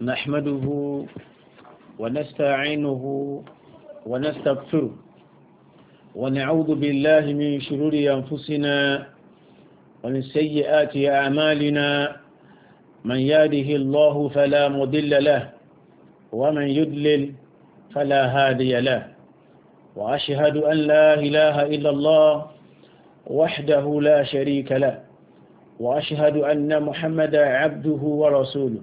نحمده ونستعينه ونستغفره ونعوذ بالله من شرور أنفسنا ومن سيئات أعمالنا من يهده الله فلا مضل له ومن يضلل فلا هادي له وأشهد أن لا إله إلا الله وحده لا شريك له وأشهد أن محمدا عبده ورسوله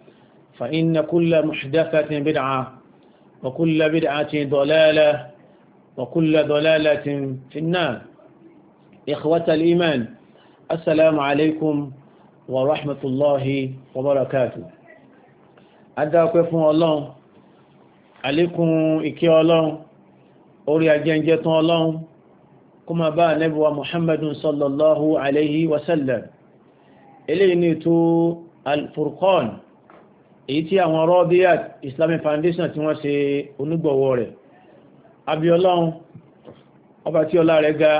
فإن كل محدثة بدعة وكل بدعة ضلالة وكل ضلالة في النار إخوة الإيمان السلام عليكم ورحمة الله وبركاته أدعوك فون الله عليكم إكي الله أوري أجنجة الله كما با نبوة محمد صلى الله عليه وسلم إليني تو الفرقان èyí tí àwọn Radiat Islamic Foundation tí wọ́n ṣe onígbọ̀wọ́ rẹ̀ abiọlọ́run ọba tí ọlá rẹ̀ ga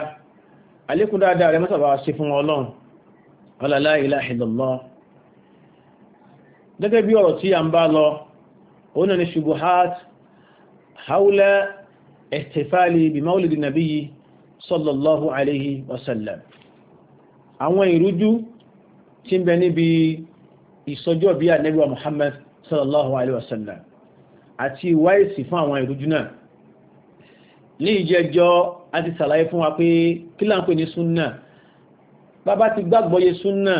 alékún dáadáa rẹ̀ mọ́sàbà ṣe fún ọlọ́run ọlọ́lá ilaha illallah gẹ́gẹ́ bí ọ̀rọ̀ tí a ń bá lọ òun náà ni ṣubuhat haula ihtifali bi maulidi nabiyyi ìsọjọ́ bí Ànábì wa Muhammad sallallahu alaihi wasallam àti ìwáìsì fún àwọn ìrújú náà ní ìjẹjọ́ a ti sàlàyé fún wa pé kí là ń pè ní súnnà bàbá ti gbàgbọ́yé súnnà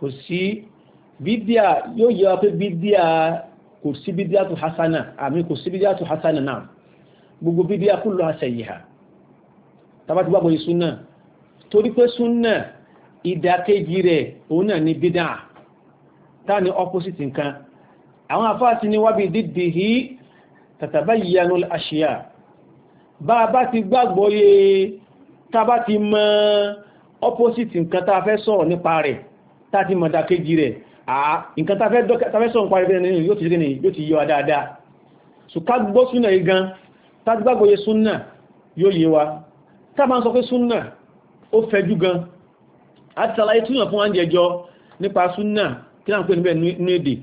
kò sí bídíà yóò yẹ wa pé bídíà kò sí bídíà tó hasana àmì kò sí bídíà tó hasana náà gbogbo bídíà kullu sayyiha torí pé súnnà ìdàkejì rẹ̀ òun náà ni bídíà tani opposite nǹkan àwọn afáàtí ni wábi dídì hí tatabayyanu al-ashiya bá a bá ti gbàgbọ́ yé tá bá ti mọ opposite nǹkan tá a fẹ́ sọ̀rọ̀ nípa rẹ̀ tá a ti mọ̀ dàkejì rẹ̀ àà nǹkan tá a fẹ́ sọ̀rọ̀ nípa rẹ̀ yóò ti rí ni yóò yọ dáadáa so ká gbọ́ súnà yìí gan tá a gbàgbọ́ yé súnà yóò yé wa tá máa sọ pé súnà ó fẹ̀jú gan àti sàlàyé túnà fún oúnjẹ jọ nípa súnà kí láà ń pè níbẹ̀ ní èdè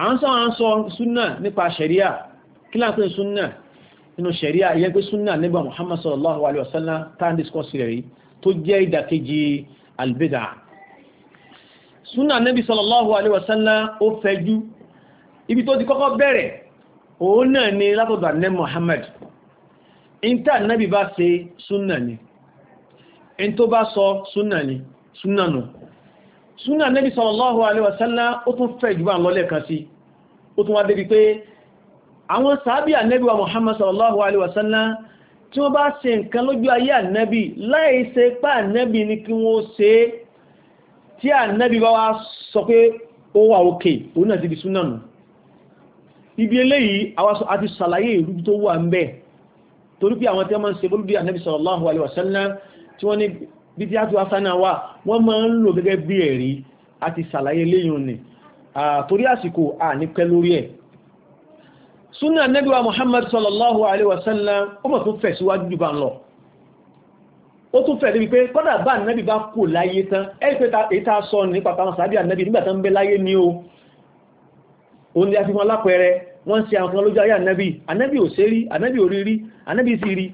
à ń sọ à ń sọ súnà nípa ṣẹ̀ríà kí láà ń pè súnà nínú ṣẹ̀ríà ìyẹn pé súnà nígbà Muhammad sallallahu alayhi wa sallam tá à ń discuss rẹ̀ rí tó jẹ́ ìdàkejì albeda súnà níbi sallallahu alayhi wa sallam ó fẹ̀jú ibi tó ti kọ́kọ́ bẹ̀rẹ̀ òun náà ni látọ̀dọ̀ ànẹ́ Muhammad ìntà nábì bá ṣe súnà ni ìntó bá sọ súnà ni súnà nù súnà nẹ́bí sallallahu alaihi wasallam ó tún fẹ́ jù bá ń lọ́lẹ̀ kan sí ó tún wá débi pé àwọn sàábí ànẹ́bí wa Muhammad sallallahu alaihi wasallam tí wọ́n bá ṣe nǹkan lójú ayé ànẹ́bí láìṣe pá ànẹ́bí ní kí wọ́n ṣe tí ànẹ́bí bá wá sọ pé ó wà òkè òun náà ti di súnà nù ibi eléyìí a ti ṣàlàyé ìrú tó wà tí wọ́n máa bíbí àti asánà wà wọ́n máa ń lò gẹ́gẹ́ bí ẹ̀rí àti sàlàyé léyìn ni torí àsìkò à ní pẹ́ lórí ẹ̀ súnà nẹ́bíwá Muhammad sallallahu alaihi wasallam ó mọ̀ tó fẹ̀ síwájú jù bá ń lọ ó tún fẹ̀ níbi pé kọ́dà bá nẹ́bí bá kò láyé tán ẹ́ pé ta sọ nípa tàwọn sàábì ànẹ́bí nígbàtà ń bẹ wọ́n ṣe àwọn kan ayé ànẹ́bí ànẹ́bí ò ṣe rí ò rí rí ànẹ́bí rí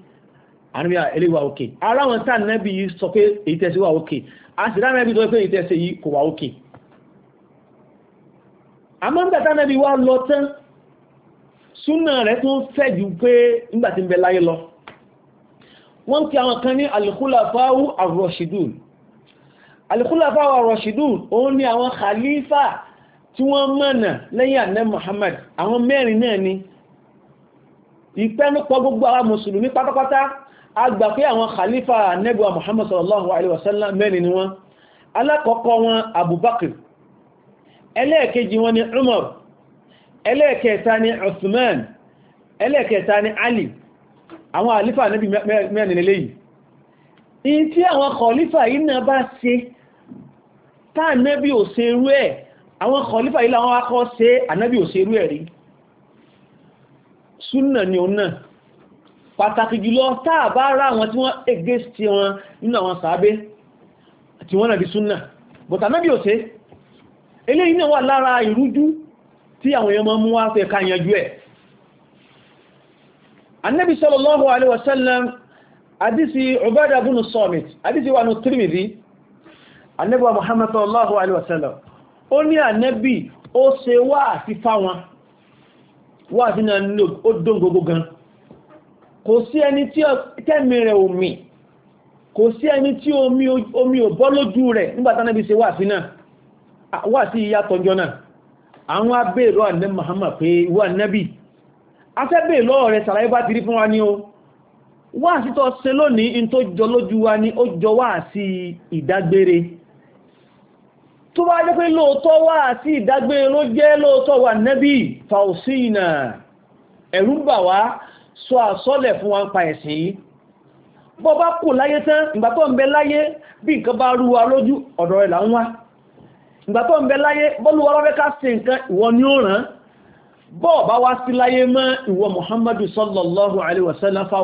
àníbíà eléwà òkè ara wọn tá nẹ́bí yìí sọ pé èyí tẹ́sí wà òkè a sì ránà ẹbí tó pé èyí tẹ́sí yìí kò wà òkè àmọ́ ń bẹ̀tá nẹ́bí wá lọ tán súnà rẹ̀ tó ń fẹ́ ju pé nígbà tí ń bẹ láyé lọ wọ́n ti àwọn kan ní al-khulafa'u ar-rashidun òun ni àwọn khalifa tí wọ́n mọ̀nà lẹ́yìn ànẹ́ Muhammad àwọn mẹ́rin náà ni ìpẹ́nupọ̀ gbogbo àwọn mùsùlùmí pátápátá agbà pé àwọn khalifa nẹ́gbà muhammad sallallahu alaihi wasallam mẹ́rin ni wọ́n alákọ̀ọ́kọ́ wọn abubakar ẹlẹ́ẹ̀kejì wọn ni umar ẹlẹ́ẹ̀kẹta ni usman ẹlẹ́ẹ̀kẹta ni ali àwọn khalifa nẹ́bí mẹ́rin lẹ́yìn in tí àwọn khalifa yìí náà bá ṣe táà nẹ́bí ò ṣe rú ẹ̀ àwọn khalifa yìí láwọn akọ́ ṣe ànẹ́bí ò ṣe rú ẹ̀ rí súnà ni òun náà pàtàkì jùlọ táà bá rá àwọn tí wọ́n egé sí wọn nínú àwọn sàábé tí wọ́n nàbí súnnà bọ̀tà náà bí ò sí eléyìí náà wà lára ìrújú tí àwọn èèyàn máa mú wá fẹ́ ká yanjú ẹ̀ annabi sallallahu alaihi wasallam hadisi ubada bin samit hadisi wa wa muhammad sallallahu alaihi wasallam kò sí ẹni tí tẹ́mi rẹ̀ omi kò sí ẹni tí omi ò bọ́ lójú rẹ̀ nígbàtá náà bí ṣe wà sí náà wà sí ìyá tọjọ́ náà àwọn abẹ́ẹ̀lọ́ ànẹ́ Muhammad pé wà nẹ́bì afẹ́bẹ̀ẹ̀lọ́ rẹ̀ sàlàyé bá fún wa ní o wà sí tọ́ ṣe lónìí in tó jọ lójú wa ní ó jọ wà sí ìdágbére tó bá jẹ́ pé lóòótọ́ wà sí ìdágbére ló jẹ́ lóòótọ́ wà nẹ́bì fausina ẹ̀rù bà wá sọ àsọ́lẹ̀ fún wa ń pa ẹ̀sìn yìí bọ́ bá kù láyé tán ìgbà tó ń bẹ láyé bí nǹkan bá rú wa lójú ọ̀dọ̀ rẹ̀ là wá ìgbà tó ń bẹ láyé bọ́lúwa lọ́fẹ́ ká ṣe nǹkan ìwọ ni ó bọ́ bá láyé mọ́ ìwọ Muhammadu sallallahu alaihi wasallam fa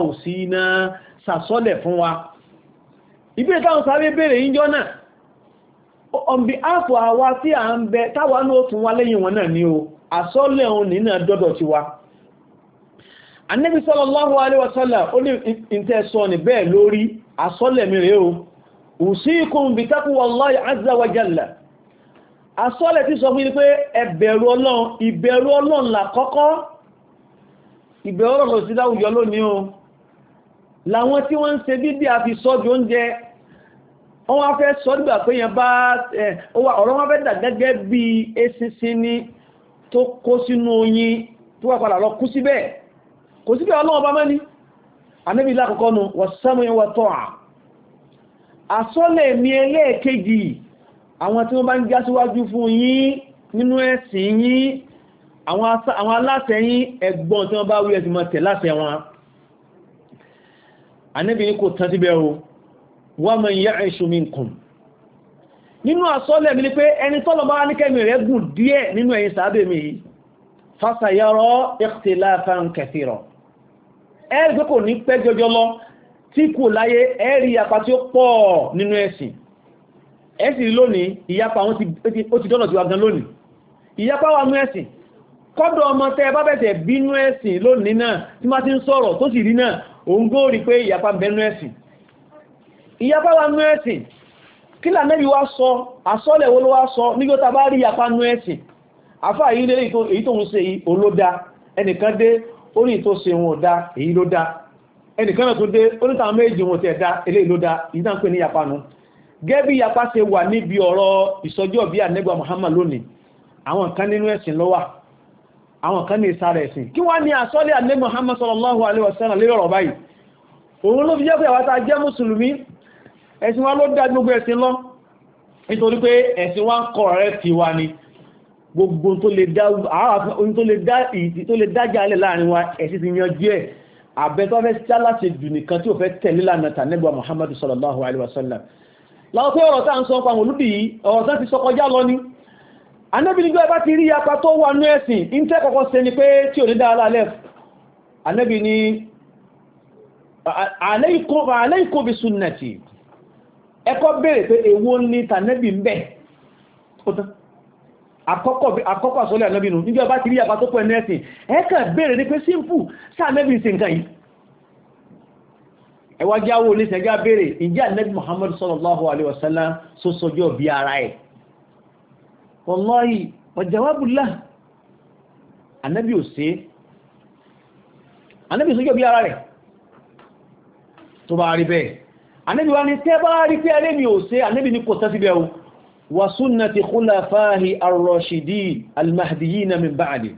annabi sallallahu alaihi wasallam ó ní ìtẹ́ sọ ní bẹ́ẹ̀ lórí asọ́lẹ̀ mi rẹ̀ o usikum bi taqwallahi azza wa jalla asọ́lẹ̀ tí sọ fún ní pé ẹbẹ̀rù ọlọ́run ìbẹ̀rù ọlọ́run là kọ́kọ́ ìbẹ̀rù ọlọ́run sí láwùjọ lónìí o làwọn tí wọ́n ń ṣe bíbí àfi sọ́jú oúnjẹ wọ́n wá fẹ́ sọ́dúgbà pé yẹn bá ọ̀rọ̀ wọn fẹ́ dà gẹ́gẹ́ bí eṣinṣin ni tó kó sínú oyin tó wà padà lọ kú síbẹ̀ kò sí pé ọlọ́wọ́ bá mẹ́ni anábì lákọ̀ọ́kọ́ nu wọ̀sánmù ìwọ̀ tọ́à àsọ́lẹ̀ mi ẹlẹ́ẹ̀kejì àwọn tí wọ́n bá ń já síwájú fún yín nínú ẹ̀sìn yín àwọn aláṣẹ yín ẹ̀gbọ́n tí wọ́n bá wí ẹ̀sìn mọ̀tẹ̀ láṣẹ wọn anábì ní kò ni pé ẹni tọ́lọ bá ní ẹ̀rí pé kò ní pẹ́ jọjọ lọ tí kò láyé ẹ̀rí ìyapa tí ó pọ̀ nínú ẹ̀sìn ẹ̀sìn lónìí ìyapa wọn ó ti dọ́nà tí wà gan lónìí ìyapa wà nú ẹ̀sìn kọ́dọ̀ ọmọ tẹ́ bá bẹ̀tẹ̀ bínú ẹ̀sìn lónìí náà tí má ti ń sọ̀rọ̀ tó sì rí náà òun gó rí pé ìyapa bẹ̀nú ẹ̀sìn ìyapa wà nú ẹ̀sìn kí lànẹ́bí wá sọ àsọ́lẹ̀ wo ló wá sọ nígbótá bá rí ìyapa nú ẹ̀sìn àfáà yìí lélẹ́ èyí tó ń ṣe olóda ẹnìkan dé orí tó ṣe wọn dá èyí ló dá ẹnìkan náà tó dé onítàwọn méjì wọn tẹ̀ dá eléyìí ló dá èyí náà pè ní yapa nu gẹ́bí yapa ṣe wà níbi ọ̀rọ̀ ìsọjọ́ bí anẹ́gbà Muhammad lónìí àwọn kan nínú ẹ̀sìn lọ́wà àwọn kan ní ìsára ẹ̀sìn kí wá ní àsọ́lé anẹ́gbà Muhammad sallallahu alaihi wasallam lórí ọ̀rọ̀ báyìí òun ló fi jẹ́ pé àwọn gbogbo tó lè dá tó lè dájá alẹ́ láàrin wa ẹ̀sí ti yan díẹ̀ àbẹ́tọ́ fẹ́ sá láti jù nìkan tí ó fẹ́ tẹ̀lé lánàtà nẹ́gbà Muhammadu sallallahu alaihi wasallam láwọn pé ọ̀rọ̀ tá ń sọ pa àwọn olúbì yìí ọ̀rọ̀ tán ti sọ kọjá lọ ní anẹ́bìnigbẹ́ bá ti rí apá tó wà ní ẹ̀sìn in tẹ́ kọ́kọ́ ṣe ni pé tí ò ní dá alálẹ́ anẹ́bì ni alaykum bi àkọ́kọ́ àsọ́lẹ̀ ànábìnú níbi ọba ti rí àbá tó pẹ̀ nẹ́ẹ̀sìn ẹ́kà bèèrè ní pé simple sáà nẹ́bìn sí nǹkan yìí ẹwà jáwó ní sẹ́gá bèèrè ìjẹ́ ànábì Muhammad sallallahu alaihi wasallam so sọjọ́ bí ara ẹ̀ wallahi ọjàwábùlá ànábì ò sí ànábì sọjọ́ bí ara rẹ̀ tó bá rí bẹ́ẹ̀ ànábì وسنة خلفاه الراشدين المهديين من بعده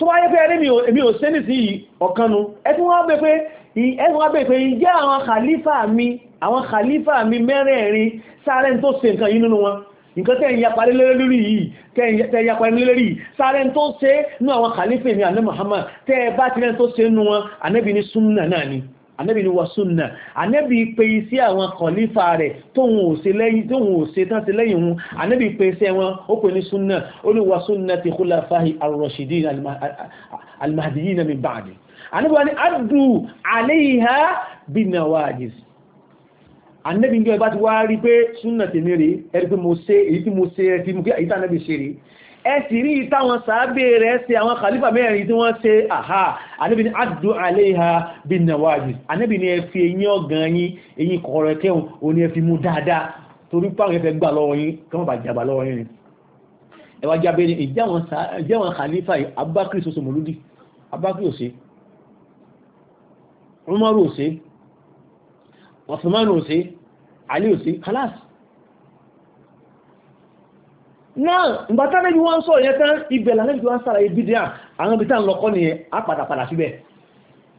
tó bá yẹ́ pé ẹni mi ò sẹ́ni sí ọ̀kanu ẹtún wá bẹ́ pé ẹtún wá bẹ́ pé ìjẹ́ àwọn khalifa mi àwọn khalifa mi mẹ́rẹ̀ẹ̀rin sáré tó ṣe nǹkan yìí nínú wọn nǹkan tẹ́ ìyapa lélẹ́rí yìí tẹ́ ìyapa lélẹ́rí sáré tó ṣe nú àwọn khalifa mi àná Muhammad tẹ́ bá ti rẹ́ tó ṣe nú wọn ànábì ní súnnà náà ni anẹ́bì ni wọ́súnnà anẹ́bì pe iṣẹ́ àwọn kọ̀lífà rẹ̀ tóhun ò ṣe lẹ́yìn tóhun ò ṣe tán sí lẹ́yìn hun anẹ́bì pe iṣẹ́ wọn ó pè ní súnnà ó ní wọ́súnnà ti khulafahi ar-rashidin al-mahdiyyin min ba'di anẹ́bì wani addu alayha bin nawajiz anẹ́bì ní ọba ti wá rí pé súnnà tèmi rí ẹ̀rí ẹ̀sì rí ìtàwọn sàábé rẹ̀ ṣe àwọn kàlífà mẹ́rin tí wọ́n ṣe àhá Ànábì ní àdó àléhà bí nàwàjì Ànábì ní ẹfi eyín ọ̀gàn yín eyín kọ̀ọ̀rọ̀ kẹ́hùn o ní ẹfi mú dáadáa torí pàwọn ẹfẹ́ gbà lọ́wọ́ yín kí wọ́n bá náà ìgbàtà lẹ́bí wọ́n ń sọ ìyẹn tán ibẹ̀ lànàbí wọ́n sára ibi díà àwọn ibi tá lọ́kọ́ ni a padà padà síbẹ̀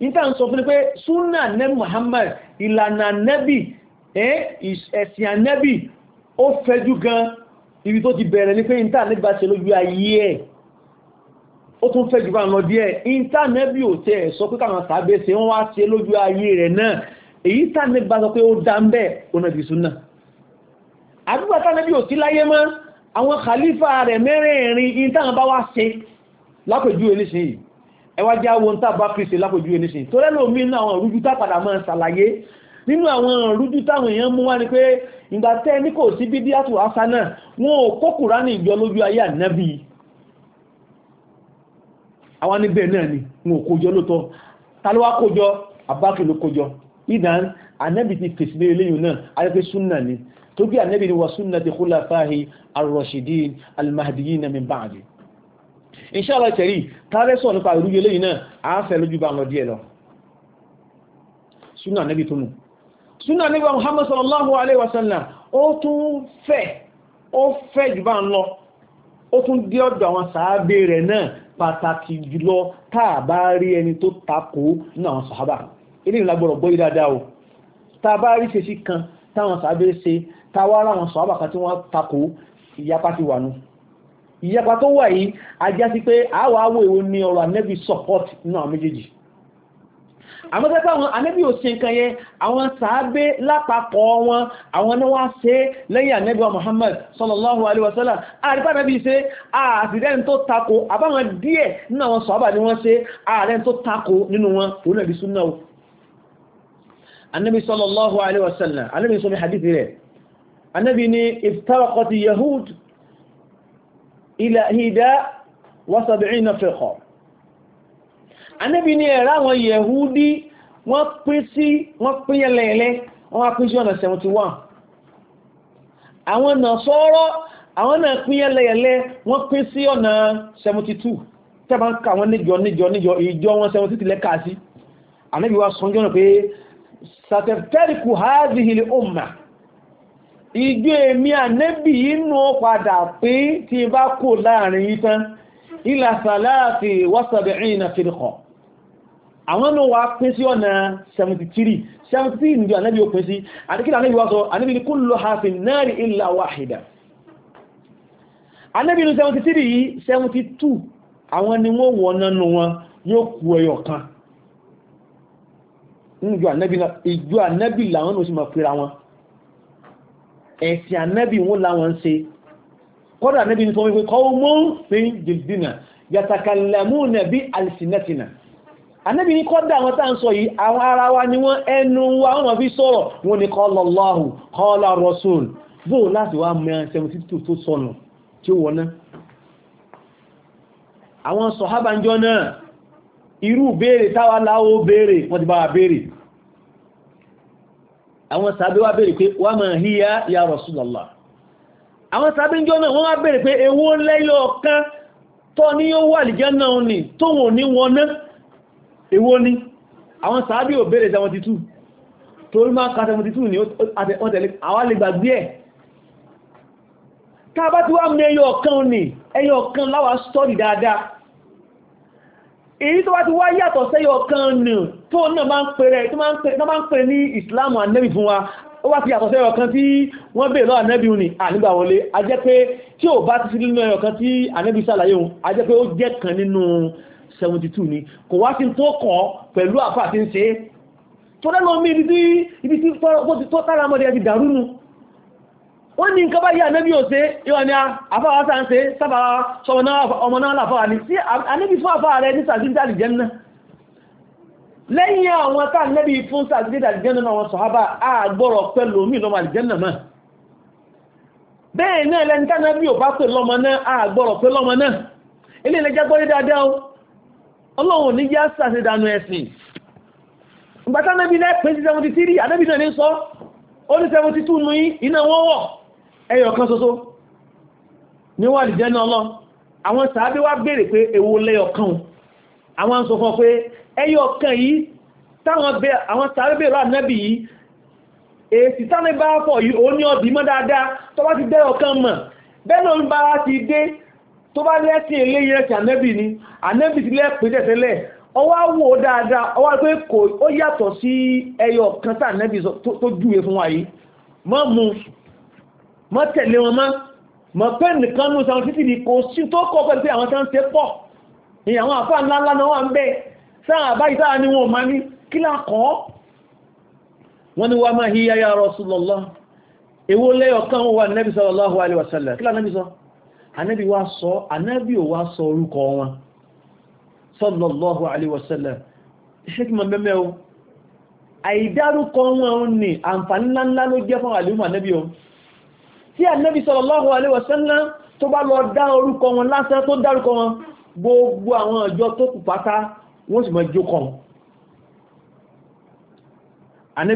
níta ń sọ fún ní pé súnà nẹ́bí Muhammad ìlànà nẹ́bí ẹ̀sìn nẹ́bí ó fẹ́jú gan ibi tó ti bẹ̀rẹ̀ ní pé níta nígbà ṣe lójú ayé ẹ̀ ó tún fẹ́jú bá lọ díẹ̀ níta nẹ́bí ò tẹ́ ẹ̀ sọ pé káwọn sábẹ́ ṣe wọ́n wá ṣe lójú ayé rẹ̀ náà èyí tá nẹ́bí sọ pé ó dá ń bẹ́ẹ̀ ó náà ti nẹ́bí ò sí láyé mọ́ àwọn khalifa rẹ̀ mẹ́rẹ̀ẹ̀rin in táwọn bá wá ṣe lápòjú eníṣìn ẹwà jẹ́ àwọn tàbá pèsè lápòjú eníṣìn tó rẹ́lò mí ní àwọn rújú tápàdà máa ṣàlàyé nínú àwọn rújú táwọn èèyàn mú wá ní pé ìgbà tẹ́ ní kò sí bídí àtò àṣà náà wọn ò kó Kùránì ìjọ lójú ayé ànábì àwọn níbẹ̀ náà ni wọn ò kójọ lóòótọ́ ta ló wá ìdán ànábì ti fèsì lé eléyìí náà ayẹ́pẹ́ súnà ni tó bí ànábì ni wa sunnati khulafahi ar-rashidin al-mahdiyin min ba'di inshallah tẹ̀rí tààrẹ́sọ̀ nípa ìrúyẹ lẹ́yìn náà a ń fẹ́ lójú bá lọ díẹ̀ lọ súnà nẹ́bí tó nù súnà nẹ́bí Muhammad sallallahu alaihi wasallam ó tún fẹ́ ó fẹ́ jù bá ń lọ rí ẹni tó takò ní àwọn ilé ìlàgbọ̀rọ̀ gbọ́ yìí dáadáa o tààbá rí ṣe sí kan táwọn sàbẹ́ ṣe tàwárà àwọn sọ̀hábà kan tí wọ́n takò ìyapa ti wà nù ìyapa tó wà yìí ajá sí pé àwọ̀ àwọ̀ èwo ni ọ̀rọ̀ anẹ́bí support náà méjèèjì àmọ́sẹ́pẹ́ àwọn anẹ́bí ò ṣe nǹkan yẹn àwọn sàábé lápapọ̀ wọn àwọn náà wá lẹ́yìn anẹ́bí wa Muhammad sallallahu alaihi wasallam àrífà anẹ́bí ṣe àtìdẹ́ni tó tako àbáwọn díẹ̀ nínú àwọn ni wọ́n ṣe ààrẹ́ni tó tako nínú wọn òun náà annabi sallallahu alaihi wasallam annabi so mi hadithi rẹ̀ annabi ni iftaraqat yahud ila hida wa 70 firqa annabi ni era wọn yahudi wọ́n pín sí wọ́n pín yelele wọ́n pín sí ọ̀nà 71 àwọn nasoro àwọn náà pín yelele wọ́n pín sí ọ̀nà 72 tẹ́ bá ń ka wọn níjọ níjọ níjọ ìjọ wọn 73 lẹ́ka sí ànábì wa sọ́njọ́ náà pé sàtẹ̀tẹ̀ríkù hàzìhìlì ọmọ ìjọ èmi ànẹ́bì inú padà pé tí bá kò láàrin ìtàn na fìdíkọ̀ àwọn náà pín 73 73 nìjọ ànẹ́bì ó sí àdíkìlà ànẹ́bì wọ́sọ ànẹ́bì ní kúlù hafin náàrí ilà wáhìdà ànẹ́bì 73 72 àwọn ni wọ́n wọ̀ nánú wọn yóò kú kan níjọ ànẹ́bì náà ìjọ ànẹ́bì làwọn ní oṣù mọ̀ fíra wọn ẹ̀sìn ànẹ́bì wọn láwọn ń ṣe kọ́dà ànẹ́bì ní fọ́nwé kọ́wọ́ mọ́ fi jìdínà yàtàkàlẹ̀mú nẹ̀bí alìsìnẹ́tìnà ànẹ́bì ní kọ́dà àwọn tá ń sọ yìí àwọn ara wa ni wọ́n ẹnu wa wọ́n fi sọ̀rọ̀ wọn ni Allahu qala Rasul bó láti wá mẹ́rin seventy two tó sọnù tí ó irú béèrè táwa láwó béèrè wọ́n ti bá wa béèrè àwọn sàbí wá béèrè pé wà máa híyá ya Rasulullah àwọn sàbí jọ náà wọ́n wá béèrè pé èwo lẹ́yọ kan tọ́ ní yóò wà lìjẹ́ náà ni tó wọ́n ní wọn náà èwo ni àwọn sàbí ò béèrè 72 torí máa ka 72 ni wọ́n tẹ̀lé àwa lè gbàgbé ti wá mú ẹyọ kan èyí tó bá ti wá yàtọ̀ sẹ́yọ kan nù tó náà máa ń pèrè tó máa ń pèrè ní Islam anẹ́bì fún wa ó wá ti yàtọ̀ sẹ́yọ kan tí wọ́n bèèrè lọ́wọ́ anẹ́bì ní ànígbà wọlé a jẹ́ pé tí ò bá ti sí nínú ẹyọ kan tí anẹ́bì sàlàyé òun a jẹ́ pé ó jẹ́ kan nínú 72 ni kò wá sí tó kọ́ pẹ̀lú àfà àti ń ṣe tó lẹ́nu omi ibi tí tọ́ra mọ́dé ti dàrú nù wọ́n ní nǹkan bá yí ànẹ́bí ò ṣe yíwa ni àfáwà sáà ń ṣe sábà ọmọ náà láfáwà ní sí ànẹ́bí fún àfáà rẹ̀ ní sàtíńtà àlìjẹ́nà lẹ́yìn àwọn tá ànẹ́bí fún sàtíńtà àlìjẹ́nà náà wọn sọ̀hábà àgbọ̀rọ̀ pẹ̀lú omi ìlọ́mọ àlìjẹ́nà mọ́ bẹ́ẹ̀ náà lẹ́ni tánẹ́bí ò bá pè lọ́mọ náà àgbọ̀rọ̀ pé lọ́mọ náà ilé ilẹ̀ jágbọ́ dáadáa ọlọ́run ní yá sàṣẹ̀dànù ẹ̀sìn ìgbàtánẹ́bí náà pèsè 73 ànẹ́bí náà ní sọ ó ní 72 nù iná wọ́n wọ̀ ẹyọ kan ṣoṣo ní wà lìjẹ́ náà lọ àwọn sàábé wá béèrè pé èwo lẹ́yọ kan àwọn sọ fún pé ẹyọ kan yìí táwọn sàábé béèrè lọ ànábì yìí èsì sáré bá pọ̀ yìí ó ní ọdí mọ́ dáadáa tó bá ti dẹ́yọ kan mọ̀ bẹ́ẹ̀ ló ń bá ti dé tó bá lẹ́sìn eléyìí rẹ̀ sí ànábì ni ànábì ti lẹ́pẹ́ tẹ̀tẹ̀lẹ̀ ọwá wò dáadáa ọwá pé kò ó yàtọ̀ sí ẹyọ kan tá ànábì tó júwe fún wa yìí mọ́ mu mọ́ tẹ̀lé wọn mọ́ mọ̀ pé nìkan ní sàwọn títì kò sí tó kọ́ pẹ̀lú pé àwọn tán ṣe pọ̀ ní àwọn àfáà ńláńlá náà wà ń bẹ́ sáà àbáyí sáà ni wọn ma ní kí lákọ́ wọ́n ni wà máa híyá ya Rasulullah èwo lẹ́yọ̀ kan wà nẹ́bí sallallahu alaihi wasallam kí lánàbí sọ anẹ́bí wá sọ anẹ́bí ò wá sallallahu alaihi wasallam iṣẹ́ kí ma mẹ́mẹ́ o àìdárúkọ wọn ni àǹfààní ńláńlá ló jẹ́ fún àlùmọ̀ anẹ́bí o tí ànábì sallallahu alaihi wasallam tó bá lọ dá orúkọ wọn lásán tó dárúkọ wọn gbogbo àwọn ọjọ́ tó kù pátá wọ́n sì mọ́ jókọ̀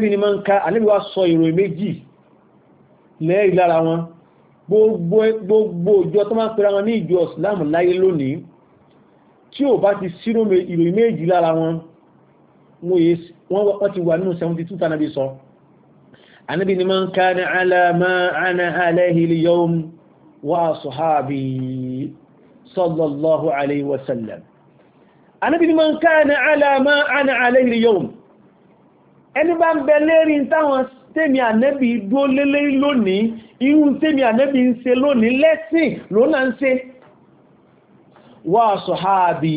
ni máa ń ká ànábì wá sọ ìròyìn méjì lẹ́yìn lára wọn gbogbo ìjọ tó máa ń pera wọn ní ìjọ ìsìláàmù láyé lónìí tí ò bá ti sírò ìròyìn méjì lára wọn wọ́n ti wà nínú 72 tánàbí sọ anábì ni man kana ala ma ana alayhi al-yawm wa ashabi sallallahu alayhi wa sallam anábì ni man kana ala ma ana alayhi al-yawm ẹni bá ń bẹ lérí táwọn tèmi ànẹ́bì dúó lélé lónìí irú tèmi ànẹ́bì ń ṣe lónìí lẹ́sìn lónà ń ṣe wà sọ̀háàbì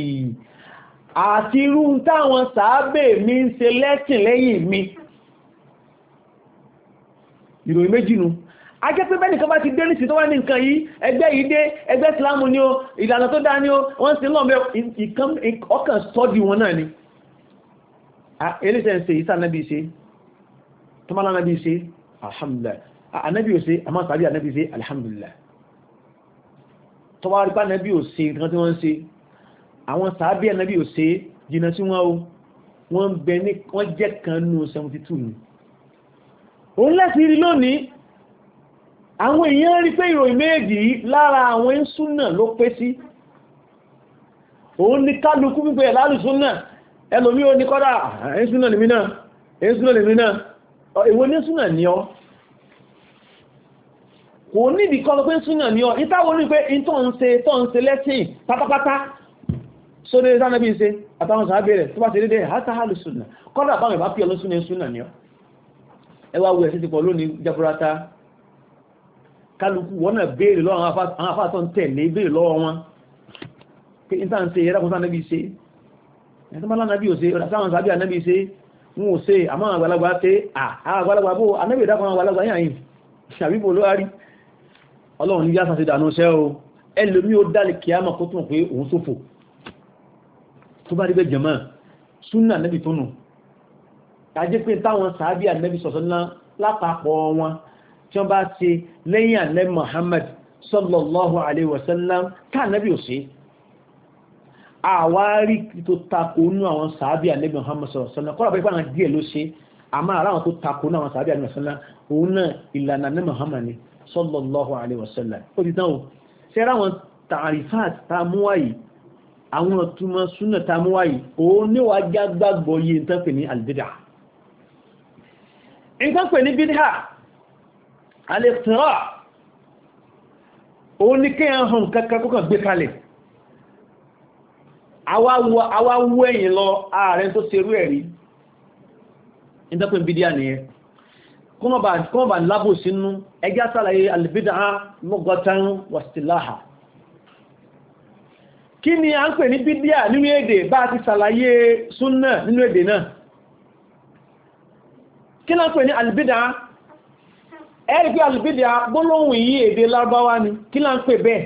àti irú táwọn sàábè mi ń ṣe lẹ́sìn lẹ́yìn mi ìròyìn méjì nu a jẹ́ pé bẹ́nìkan bá ti dé ní ìsìtọ́wà ní nǹkan yìí ẹgbẹ́ yìí dé ẹgbẹ́ ìsìlámù ni ó ìlànà tó dáa ni ó wọ́n sì lọ́mọ ọkàn sọ́dí wọn náà ni eléṣẹ́ ń ṣe ìsá anábì ṣe tọ́mọ́lá anábì ṣe alhamdulillah anábì ò ṣe àmọ́ sàbí anábì ṣe alhamdulillah tọ́wọ́ arípa anábì ò ṣe nǹkan tí wọ́n ń ṣe àwọn sàbí anábì ò ṣe jìnnà sí wọn o wọ́n jẹ́ kan nù 72 òun láti rí lónìí àwọn èèyàn rí pé ìròyìn méjì lára àwọn ìsúnà ló pé sí òun ní kálukú pípẹ́ lálùsúnà ẹlòmí ò ní kọ́dà ìsúnà ah, lèmi náà ìsúnà lèmi náà ìwọ ní ìsúnà ní ọ kò nídìí kọ́ lọ ìsúnà ní ọ ìtàwọn ní pé ìtọ́ lẹ́sìn pátápátá ẹwà wo ẹ̀sìn ti pọ̀ lónìí jaburata kálukú wọ́n náà béèrè lọ́wọ́ àwọn afáàtọ̀ ń tẹ̀lé béèrè lọ́wọ́ wọn pé ní sáà ń ṣe ẹ̀rẹ́kùn sáà nẹ́bí ṣe ẹ̀sánmọ́lá nẹ́bí ò ṣe sáwọn sábí ànẹ́bí ṣe wọn ò ṣe àmọ́ àgbàlagbà ṣe àgbàlagbà bó ànẹ́bí ìdákan àgbàlagbà yàn yìí ṣàbíbò ló rárí ọlọ́run ní yásán ti dànù iṣẹ́ o ẹlòmí ó dálé kíámà kó tún pé òun ṣòfò tó bá rí bẹ́ẹ̀ jẹ̀mọ́ súnà nẹ́bí tó ajé pé táwọn sàábí ànẹ́bí sọ̀sọ́lá lápapọ̀ wọn tí wọ́n bá ṣe lẹ́yìn ànẹ́bí Muhammad sallallahu alaihi wasallam káànẹ́bí ò sí àwárí tó takò nú àwọn sàábí ànẹ́bí Muhammad sallallahu alaihi wasallam kọ́lá bẹ́ẹ̀ pàrọ̀ díẹ̀ ló ṣe àmọ́ ara àwọn tó takò nú àwọn sàábí ànẹ́bí wasallam òun náà ìlànà ànẹ́bí Muhammad ni sallallahu alaihi ọ̀túnmọ̀ súnà tá a mú níwájá gbàgbọ́ yìí tán pè ní àlùbídà nǹkan pè ní bídíà alẹ́tìrọ́ òun ní kí ẹ̀hàn kankan kọ́kàn gbé kalẹ̀ awáwú ẹ̀yìn lọ ààrẹ tó ṣerú ẹ̀rí nǹkan pè ní bídíà nìyẹn kọ́mọ̀ bá lábò sínú ẹgbẹ́ àtàlàyé alìbídà mọ́gọ́tán wàstíláhà kí ni a ń pè ní bídíà nínú èdè bá ti ṣàlàyé súnnà nínú èdè náà kí náà ní albida ẹ̀rí albida gbólóhùn yí èdè lárúbáwá ni kí náà pè bẹ́ẹ̀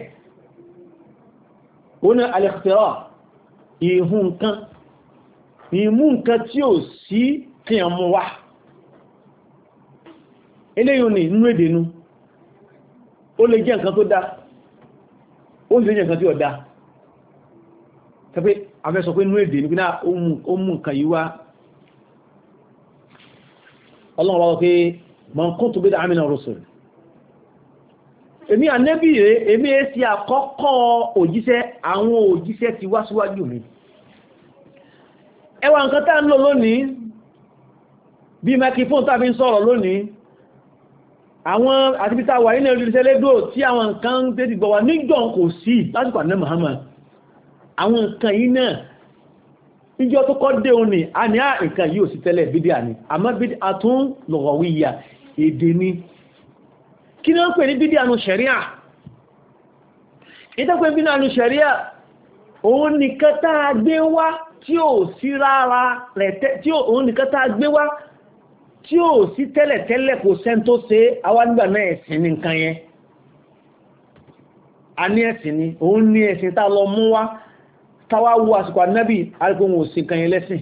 ó ní alẹ́kùtẹ́rọ ìhun nǹkan ìmú nǹkan tí ò sí kí a mú wá eléyìn ní inú èdè nú ó lè jẹ́ nǹkan tó dá ó lè jẹ́ nǹkan tí ó dá tẹ́pẹ́ afẹ́sọ pé inú èdè ọlọ́run wọ́n pé man kuntu bid'an min ar-rusul èmi ànẹ́bì rẹ̀ èmi é sí àkọ́kọ́ òjíṣẹ́ àwọn òjíṣẹ́ ti wá síwájú mi ẹwà nǹkan tá ń lò lónìí bí microphone tàbí ń sọ̀rọ̀ lónìí àwọn àtibítà wà nínú ìjọ tó kọ́ dé òní a ní à nǹkan yìí sí tẹ́lẹ̀ bídíà ni àmọ́ bídíà tún lọ́gọ̀wíyà èdè ni kí ni wọ́n pè ní bídíà nu ṣẹ̀ríà ìtẹ́pẹ́ bídíà nu ṣẹ̀ríà òun nìkan tá a gbé wá tí ò sí rárá rẹ̀ tí òun nìkan tá a tẹ́lẹ̀ tẹ́lẹ̀ kò sẹ́ni tó ṣe àwa náà ẹ̀sìn ní nǹkan yẹn a ní ẹ̀sìn ni òun ní ẹ̀sìn tá lọ mú wá tàwà wo àsìkò ànábì alìkòhùn òsìn kan ẹlẹ́sìn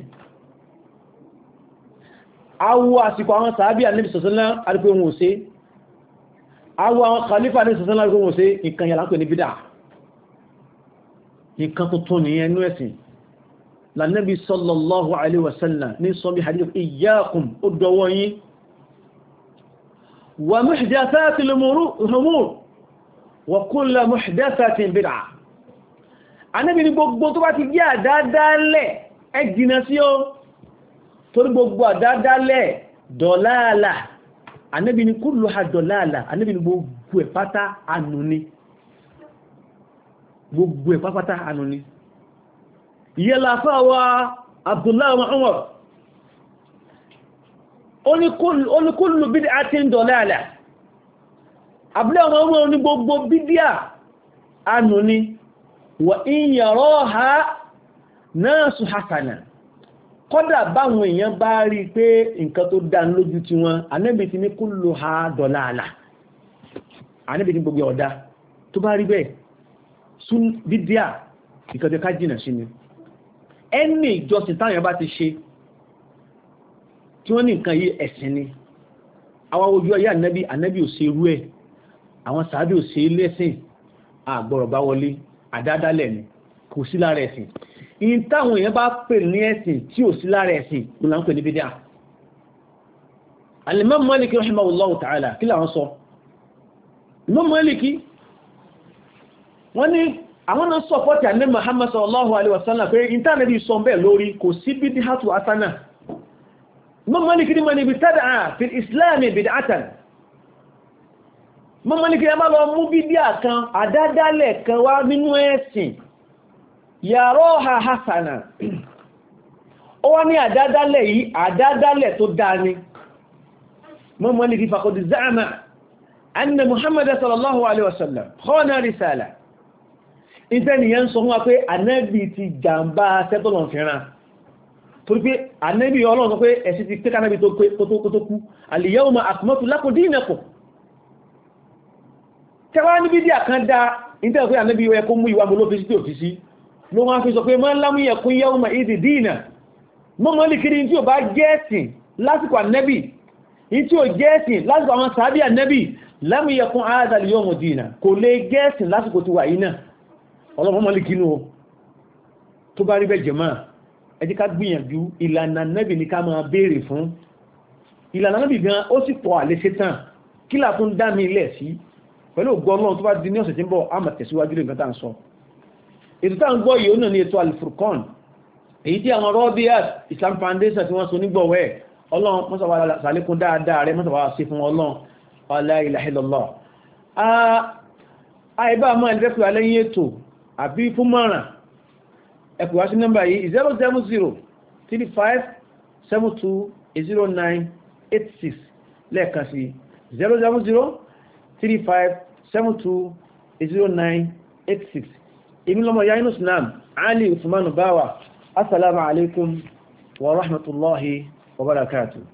awo àsìkò àwọn sàábì ànábì sọ̀sánlá alìkòhùn òsìn awo àwọn kàlífà ànábì sọ̀sánlá alìkòhùn òsìn nǹkan yàrá pè ní bídà nǹkan tuntun nìyẹn nú ẹ̀sìn lànàbì sallallahu alaihi wasallam ní sọ bí hadith iyyakum ó dọwọ́ wa muhdathatil umur wa kullu muhdathatin bid'ah Ànábì ní gbogbo tó bá ti jẹ́ àdádálẹ̀ ẹ jìnà sí o torí gbogbo àdádálẹ̀ dọ̀láàlà Ànábì ní kúrò ha dọ̀láàlà Ànábì ní gbogbo ẹ̀pátá ànú ni gbogbo ẹ̀pátá ànú ni ìyẹ́lá fáwà Abdullahi Umar oníkúlù bídí àti ń dọ̀láàlà Abdullahi Umar ní gbogbo bídíà ànú ni wà in yaraha nasu hasana kọ́dà báwọn èèyàn bá rí pé nǹkan tó dán lójú ti wọn anẹ́bì ti ní kulluha dalala anẹ́bì ti gbogbo ọ̀dá tó bá rí bẹ́ẹ̀ sún bídíà ìkọ̀dẹ̀ ká jìnà sí ni ẹni ìjọsìn táwọn bá ti ṣe tí wọ́n ní nǹkan yí ẹ̀sìn ni àwọn ojú ọyá anẹ́bì ò ṣe irú ẹ̀ àwọn sàábì ò ṣe lẹ́sìn àgbọ̀rọ̀ bá wọlé àdádálẹ̀ ni kò sí lára ẹ̀sìn in táwọn èèyàn bá pè ní ẹ̀sìn tí ò sí lára ẹ̀sìn ló là ń pè ní bídíà Al-Imam Maliki rahimahullahu ta'ala kí làwọn sọ Imam Maliki wọ́n ní àwọn náà sọpọ́tì àní Muhammad sallallahu alaihi wasallam pé sọ mọ́mọ́ ní kí ẹ má lọ mú bídíà kan àdádálẹ̀ kan wá nínú ẹ̀sìn yàrá ọ̀hà hasana ó wá ní àdádálẹ̀ yìí àdádálẹ̀ tó dáa ni mọ́mọ́ ní kí fàkọ̀dì záàmà anna muhammad sallallahu alaihi wasallam khana risala ìtẹ́niyàn sọ fún wa pé anẹ́bì ti jàmbá sẹ́tọ̀lọ̀ fìran torí pé anẹ́bì ọlọ́run sọ pé ẹ̀sì ti pẹ́kanẹ́bì tó kú al-yawma akmaltu lakum dinakum tẹwàá níbi díà kan dá ìtẹ́ pé ànábì yẹ kó mú ìwà mú lófin tí ò fi sí ló wọ́n fi sọ pé máa ń lámú yẹ kún yẹ́ ọmọ ìdì dínà mọ́ mọ́ lè kiri tí ò bá jẹ́ẹ̀sìn lásìkò ànábì tí ò jẹ́ẹ̀sìn lásìkò àwọn sàábì ànábì lámú yẹ kún áádàlì yọmọ dínà kò lè jẹ́ẹ̀sìn lásìkò ti wà yìí náà ọlọ́mọ mọ́ pẹ̀lú ògbọ́ ọlọ́run tó bá di ní ọ̀sẹ̀ tí ń bọ̀ a máa tẹ̀síwájú lè nǹkan tá à ń sọ ètò tá à ń gbọ́ yìí ó nà ní ètò alifurkan èyí tí àwọn rọ́bíàt Islam Foundation tí wọ́n so nígbọ̀wẹ́ ọlọ́run mọ́sàwá sàlékún dáadáa rẹ mọ́sàwá sí fún ọlọ́run la ilaha illallah àìbá máa ń rẹ́pù alẹ́yìn ètò àbí fún mọ́ràn ẹ̀pù wá sí nọ́mbà yìí 070 35 72 09 86 lẹ́ẹ̀kan sí 070 35 seven 720986 èmi lọ́mọ ya inú sinam ali usman bawa assalamu alaikum wa rahmatullahi wa barakatuh